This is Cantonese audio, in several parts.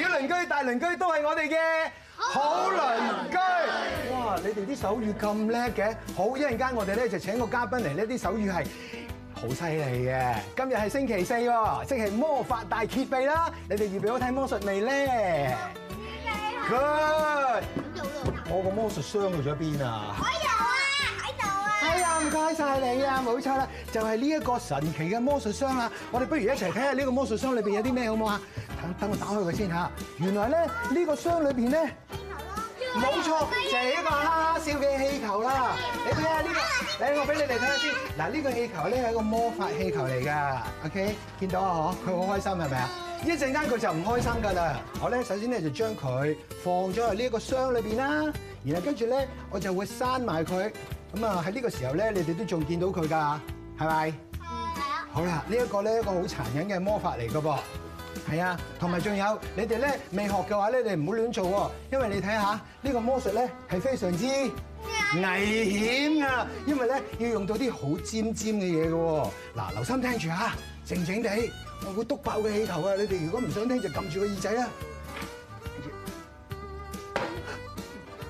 小鄰居、大鄰居都係我哋嘅好鄰居。哇！你哋啲手語咁叻嘅，好，一陣間我哋咧就請個嘉賓嚟，呢啲手語係好犀利嘅。今日係星期四喎，即係魔法大揭秘啦！你哋預備好睇魔術未咧？Good。我個魔術箱去咗邊啊？可以啊。唔該晒你啊，冇錯啦，就係呢一個神奇嘅魔術箱啊！我哋不如一齊睇下呢個魔術箱裏邊有啲咩好唔好啊？等等我打開佢先吓。原來咧呢個箱裏邊咧，冇錯就係一個哈哈笑嘅氣球啦。你睇下呢個，誒，我俾你哋睇下先。嗱，呢個氣球咧係一個魔法氣球嚟噶。OK，見到啊呵，佢好開心係咪啊？一陣間佢就唔開心噶啦。我咧首先咧就將佢放咗喺呢一個箱裏邊啦，然後跟住咧我就會閂埋佢。咁啊，喺呢個時候咧，你哋都仲見到佢噶，係咪？嗯，係啊。好啦，呢一個咧，一個好殘忍嘅魔法嚟噶噃，係啊。同埋仲有，你哋咧未學嘅話咧，你唔好亂做喎，因為你睇下呢個魔術咧係非常之危險啊，因為咧要用到啲好尖尖嘅嘢嘅喎。嗱，留心聽住嚇，靜靜地，我會篤爆佢氣球啊！你哋如果唔想聽就撳住個耳仔啊！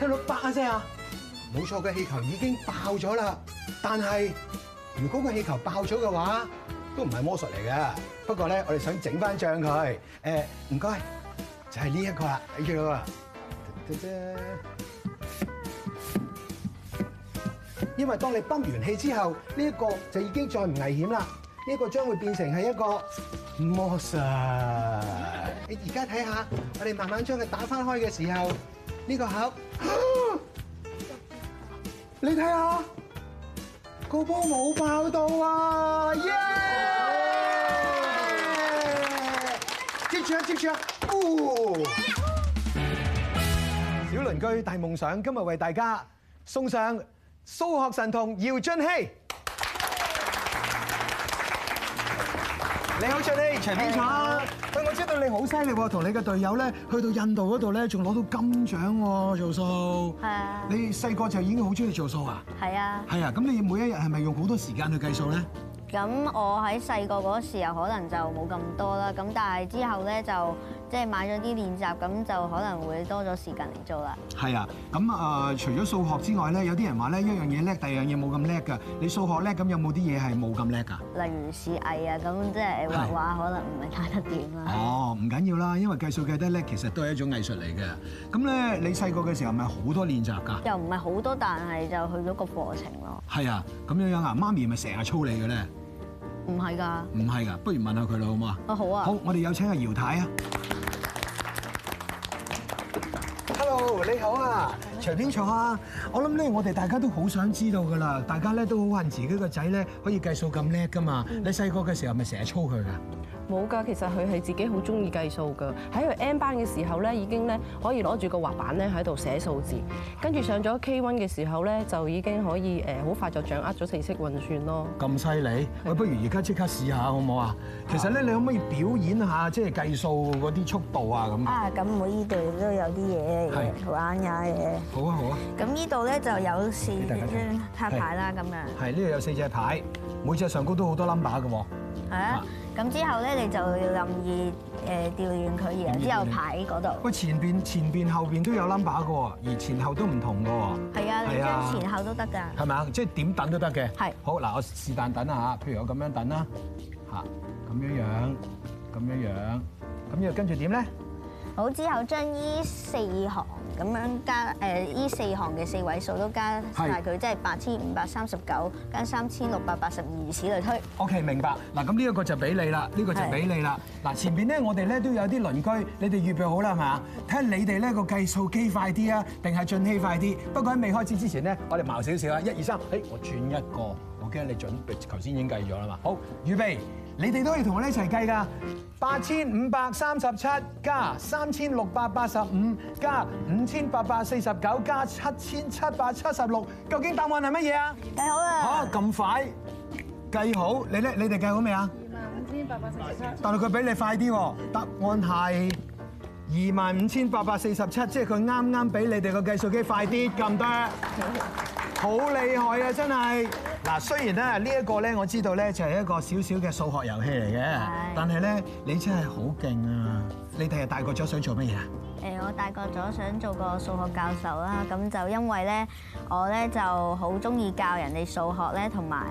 聽到爆聲啊！冇錯，個氣球已經爆咗啦。但係，如果個氣球爆咗嘅話，都唔係魔術嚟嘅。不過咧，我哋想整翻正佢。誒、呃，唔該，就係呢一個啦，睇住啊、姐姐。因為當你泵完氣之後，呢、這、一個就已經再唔危險啦。呢、這個將會變成係一個魔術。你而家睇下，我哋慢慢將佢打翻開嘅時候，呢、這個口。啊你睇下，個波冇爆到啊！耶！接住啊！接住啊！小鄰居大夢想，今日為大家送上數學神童姚俊希姚縉熹。你好，縉熹，請呢邊坐。喂，我知道你好犀利喎，同你嘅隊友咧，去到印度嗰度咧，仲攞到金獎喎，做數。係啊。你細個就已經好中意做數啊？係啊。係啊，咁你要每一日係咪用好多時間去計數咧？咁我喺細個嗰時又可能就冇咁多啦，咁但係之後咧就。即係買咗啲練習，咁就可能會多咗時間嚟做啦。係啊，咁啊、呃、除咗數學之外咧，有啲人話咧，一樣嘢叻，第二樣嘢冇咁叻㗎。你數學叻，咁有冇啲嘢係冇咁叻㗎？例如視藝啊，咁即係畫畫可能唔係太得點啦。哦，唔緊要啦，因為計數計得叻，其實都係一種藝術嚟嘅。咁咧，你細個嘅時候咪好多練習㗎？又唔係好多，但係就去咗個課程咯。係啊，咁樣樣啊，媽咪咪成日操你嘅咧？唔係㗎。唔係㗎，不如問下佢啦，好唔好啊？啊好啊。好，我哋有請阿姚太啊。你好啊，隨便坐下啊！我諗咧，我哋大家都好想知道㗎啦，大家咧都好恨自己個仔咧可以計數咁叻㗎嘛！你細個嘅時候係咪成日操佢㗎？冇㗎，其實佢係自己好鍾意計數㗎。喺佢 M 班嘅時候咧，已經咧可以攞住個滑板咧喺度寫數字，跟住上咗 K One 嘅時候咧，就已經可以誒好快就掌握咗四式運算咯。咁犀利！我不如而家即刻試下好唔好啊？其實咧，你可唔可以表演下即係計數嗰啲速度啊？咁啊，咁我呢度都有啲嘢嚟玩下嘢，好啊，好啊。咁呢度咧就有四張牌啦，咁樣。係呢度有四隻牌，這這裡有四每隻上高都好多 number 嘅喎。啊！咁之後咧，你就要任意誒調轉佢，然之後排嗰度。喂，前邊、前邊、後邊都有 number 嘅喎，而前後都唔同嘅喎。係啊，你將前後都得㗎。係咪啊？即係點等都得嘅。係。好嗱，我是但等啊吓，譬如我咁樣等啦，吓，咁樣樣，咁樣樣，咁又跟住點咧？呢，好，之後將呢四行。咁樣加誒，呢四行嘅四位數都加曬佢，即係八千五百三十九加三千六百八十二，如此類推。OK，明白。嗱，咁呢一個就俾你啦，呢個就俾你啦。嗱，前邊咧，我哋咧都有啲鄰居，你哋預備好啦，係嘛？睇下你哋呢個計數機快啲啊，定係進氣快啲。不過喺未開始之前咧，我哋鬧少少啦，一二三，誒，我轉一個，我驚你準備。頭先已經計咗啦嘛，好，預備。你哋都要同我哋一齊計㗎，八千五百三十七加三千六百八十五加五千八百四十九加七千七百七十六，究竟答案係乜嘢啊？計好啦！吓，咁快計好，你咧你哋計好未啊？二萬五千八百四十七。但係佢畀你快啲喎，答案係二萬五千八百四十七，即係佢啱啱畀你哋個計數機快啲咁多。 好厲害啊！真係嗱，雖然咧呢一個咧我知道咧就係一個小小嘅數學遊戲嚟嘅，是但係咧你真係好勁啊！你第日大個咗想做乜嘢啊？誒，我大個咗想做個數學教授啦。咁就因為咧我咧就好中意教人哋數學咧，同埋，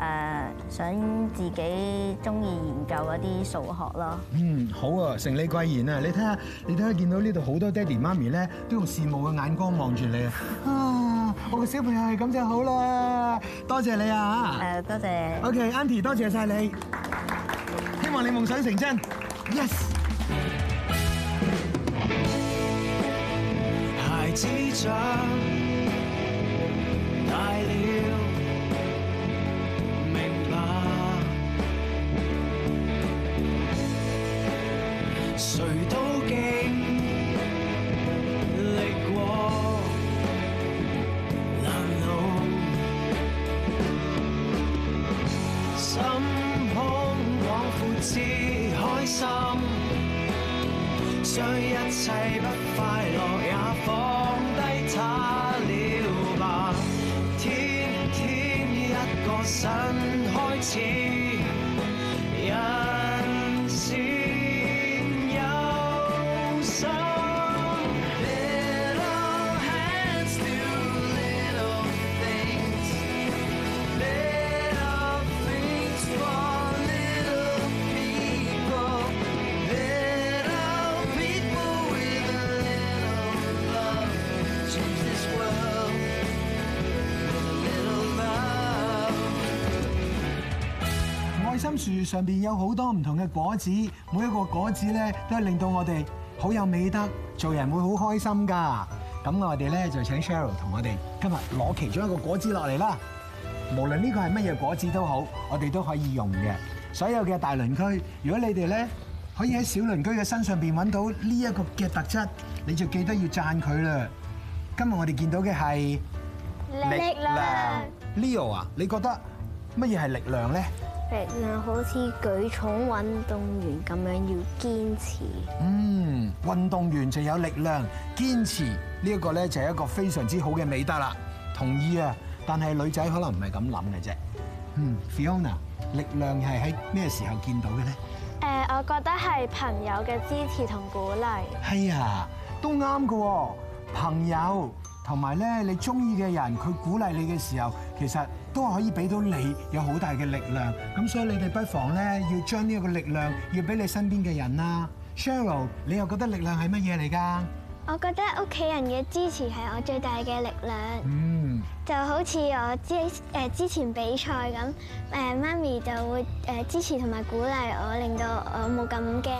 誒想自己中意研究嗰啲數學咯。嗯，好啊，成李桂賢啊，你睇下，你睇下，見到呢度好多爹哋媽咪咧，都用羨慕嘅眼光望住你啊！啊，我嘅小朋友係咁就好啦，多謝你啊！誒，多謝。OK，Auntie，多謝晒你，希望你夢想成真。Yes。孩子長新開始。樹上邊有好多唔同嘅果子，每一個果子咧都係令到我哋好有美德，做人會好開心噶。咁我哋咧就請 Cheryl 同我哋今日攞其中一個果子落嚟啦。無論呢個係乜嘢果子都好，我哋都可以用嘅。所有嘅大鄰居，如果你哋咧可以喺小鄰居嘅身上邊揾到呢一個嘅特質，你就記得要讚佢啦。今日我哋見到嘅係力量，Leo 啊，你覺得乜嘢係力量咧？力量好似舉重運動員咁樣要堅持。嗯，運動員就有力量，堅持呢一個咧就係一個非常之好嘅美德啦。同意啊，但係女仔可能唔係咁諗嘅啫。嗯，Fiona，力量係喺咩時候見到嘅咧？誒、呃，我覺得係朋友嘅支持同鼓勵、哎。係啊，都啱㗎。朋友同埋咧，你中意嘅人佢鼓勵你嘅時候，其實。都可以俾到你有好大嘅力量，咁所以你哋不妨咧要將呢個力量要俾你身邊嘅人啦。Cheryl，你又覺得力量係乜嘢嚟㗎？我覺得屋企人嘅支持係我最大嘅力量。嗯、mm.，就好似我之誒之前比賽咁，誒媽咪就會誒支持同埋鼓勵我，令到冇咁驚，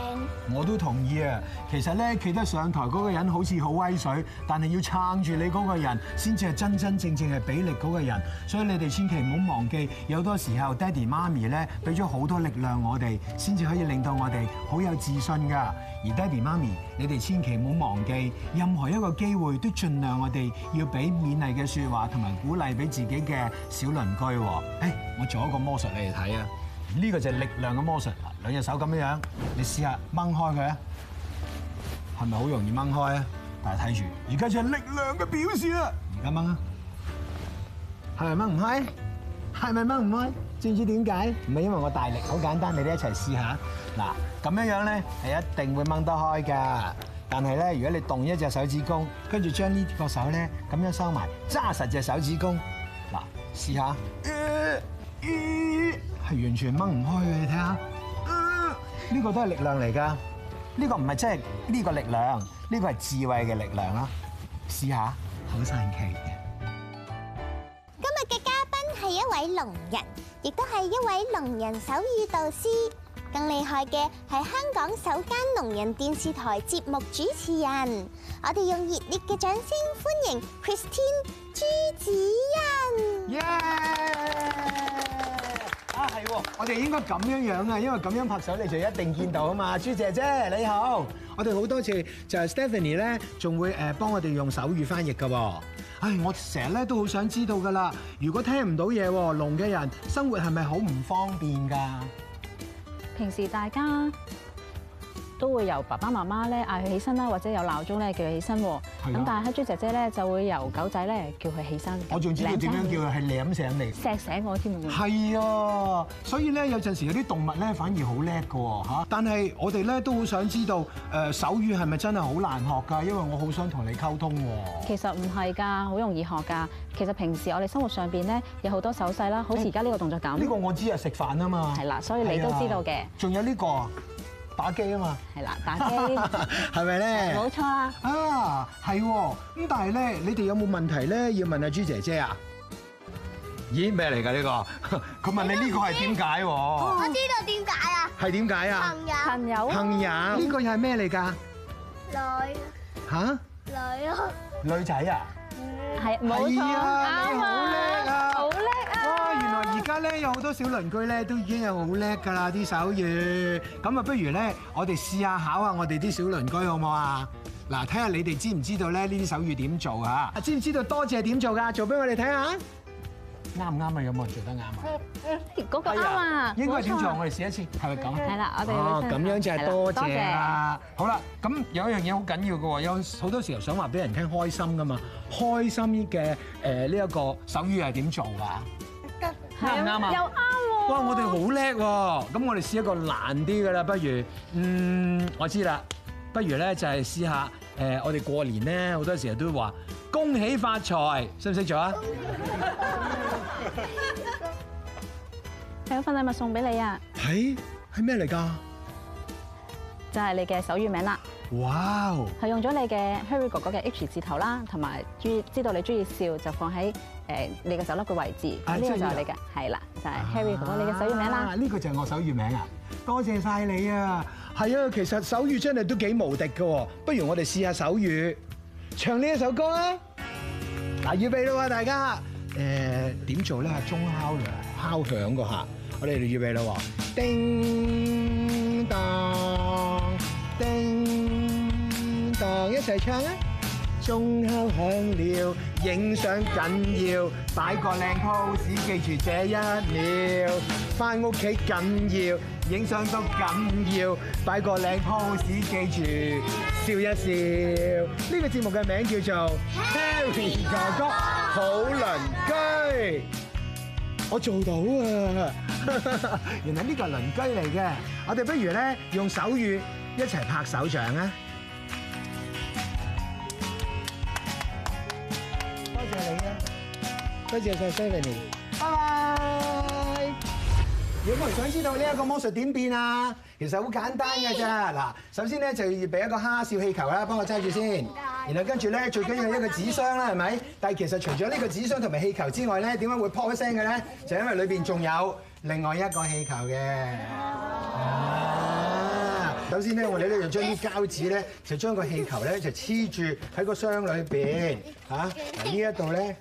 我都同意啊。其實咧，企得上台嗰個人好似好威水，但係要撐住你嗰個人，先至係真真正正係俾力嗰個人。所以你哋千祈唔好忘記，有多時候，爹哋媽咪咧俾咗好多力量我哋，先至可以令到我哋好有自信噶。而爹哋媽咪，你哋千祈唔好忘記，任何一個機會都盡量我哋要俾勉勵嘅說話同埋鼓勵俾自己嘅小鄰居。誒，我做一個魔術你嚟睇啊！呢個就係力量嘅魔術，兩隻手咁樣樣，你試下掹開佢，係咪好容易掹開咧？但係睇住，而家就係力量嘅表示啦。而家掹啊，係咪掹唔開？係咪掹唔開？知唔知點解？唔係因為我大力，好簡單，你哋一齊試下。嗱，咁樣樣咧係一定會掹得開㗎。但係咧，如果你動一隻手指公，跟住將呢個手咧咁樣收埋，揸實隻手指公，嗱，試下。係完全掹唔開嘅，你睇下。啊，呢個都係力量嚟噶，呢個唔係即係呢個力量，呢個係智慧嘅力量啦。試下，好神奇嘅。今日嘅嘉賓係一位聾人，亦都係一位聾人手語導師，更厲害嘅係香港首間聾人電視台節目主持人。我哋用熱烈嘅掌聲歡迎 Christine 朱芷茵。Yeah. 我哋應該咁樣樣啊，因為咁樣拍手你就一定見到啊嘛，朱姐姐你好。我哋好多次就係、Stephanie 咧，仲會誒幫我哋用手語翻譯噶。唉，我成日咧都好想知道噶啦，如果聽唔到嘢喎，聾嘅人生活係咪好唔方便噶？平時大家，都會由爸爸媽媽咧嗌佢起身啦，或者有鬧鐘咧叫佢起身。咁但係黑豬姐姐咧就會由狗仔咧叫佢起身。我仲知道點樣叫佢係舐醒你，錫醒，醒，醒我添啊！係啊，所以咧有陣時有啲動物咧反而好叻㗎喎。但係我哋咧都好想知道誒手語係咪真係好難學㗎？因為我好想同你溝通喎。其實唔係㗎，好容易學㗎。其實平時我哋生活上邊咧有好多手勢啦，好似而家呢個動作咁，欸。呢、呢個我知啊，食飯啊嘛。係啦，所以你都知道嘅。仲有呢、呢個。打機啊嘛，係啦，打機係咪咧？冇 錯啊！啊，係咁、啊，但係咧，你哋有冇問題咧？要問阿朱姐姐啊？咦，咩嚟㗎呢個？佢問你呢個係點解喎？我知道點解啊！係點解啊？朋友，朋友，朋友，呢個又係咩嚟㗎？女吓？女啊，女仔啊，係冇、啊、錯啊，你好叻。而家咧有好多小鄰居咧都已經有好叻㗎啦啲手語，咁啊不如咧我哋試下考下我哋啲小鄰居好唔好啊？嗱，睇下你哋知唔知道咧呢啲手語點做啊？知唔知道多謝係點做㗎？做俾我哋睇下，啱唔啱啊？有冇人做得啱啊？誒，嗰個啊，應該點做？我哋試一次，係咪咁啊？係啦，我哋哦，咁樣就係多謝啦。謝好啦，咁有一樣嘢好緊要㗎喎，有好多時候想話俾人聽開心㗎嘛，開心嘅誒呢一個手語係點做㗎？啱啱啊？又啱喎！哇，我哋好叻喎！咁我哋試一個難啲㗎啦，不如，嗯，我知啦，不如咧就係試下，誒，我哋過年咧好多時候都會話恭喜發財，識唔識做啊？係 有 份禮物送俾你啊！係係咩嚟噶？就係、是、你嘅手語名啦，哇！係用咗你嘅 Harry 哥哥嘅 H 字頭啦，同埋中知道你中意笑就放喺誒你嘅手粒嘅位置，呢、啊這個就係你嘅，係啦，就係、是、Harry 哥哥你嘅手語名啦。呢、啊這個就係我手語名啊！多謝晒你啊！係啊，其實手語真係都幾無敵嘅喎，不如我哋試下手語唱呢一首歌啊！嗱，預備啦，大家誒點、呃、做咧？係鐘敲兩敲響個下，我哋就預備啦喎，叮噹。噹一齊唱啊！鐘敲響了，影相緊要，擺個靚 pose，記住這一秒。翻屋企緊要，影相都緊要，擺個靚 pose，記住笑一笑。呢個節目嘅名叫做《HARRY 哥哥好鄰居》，我做到啊！原來呢個係鄰居嚟嘅。我哋不如咧用手語一齊拍手掌啊！多謝曬 Celine 拜拜。Bye bye 有冇人想知道呢一個魔術點變啊？其實好簡單嘅啫。嗱、yeah.，首先咧就要預備一個哈笑氣球啦，幫我揸住先。Yeah. 然後跟住咧，最緊要一個紙箱啦，係、yeah. 咪？但係其實除咗呢個紙箱同埋氣球之外咧，點解會破聲嘅咧？Yeah. 就因為裏邊仲有另外一個氣球嘅。Yeah. Yeah. 首先咧，我哋咧就將啲膠紙咧，就將個氣球咧、 啊，就黐住喺個箱裏面。嚇。嗱呢一度咧，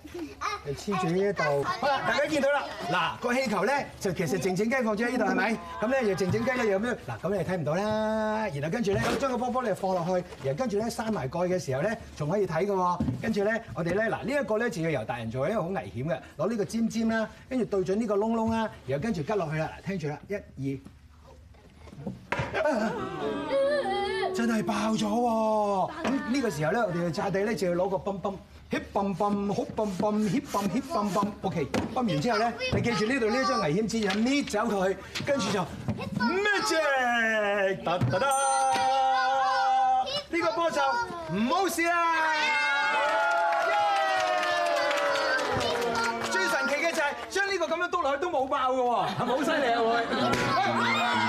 就黐住呢一度。好啦，大家見到啦。嗱 個氣球咧，就其實靜靜雞放住喺 呢度係咪？咁咧又靜靜雞一樣咁。嗱咁你睇唔到啦。然後跟住咧，咁將個波波你放落去，然後跟住咧，閂埋蓋嘅時候咧，仲可以睇嘅喎。跟住咧，我哋咧嗱呢一、呢個咧，就要由大人做，因為好危險嘅。攞呢個尖尖啦，跟住對準呢個窿窿啦，然後跟住吉落去啦。聽住啦，一二。真係爆咗喎！咁呢個時候咧，我哋炸地咧就要攞個泵泵，hit 泵泵，好泵泵，hit 泵 hit 泵泵，OK，泵完之後咧，你記住呢度呢張危險紙，搣走佢，跟住就 magic，得得得，呢個波就唔好事啦！最神奇嘅就係將呢個咁樣篤落去都冇爆嘅喎，係咪好犀利啊！佢。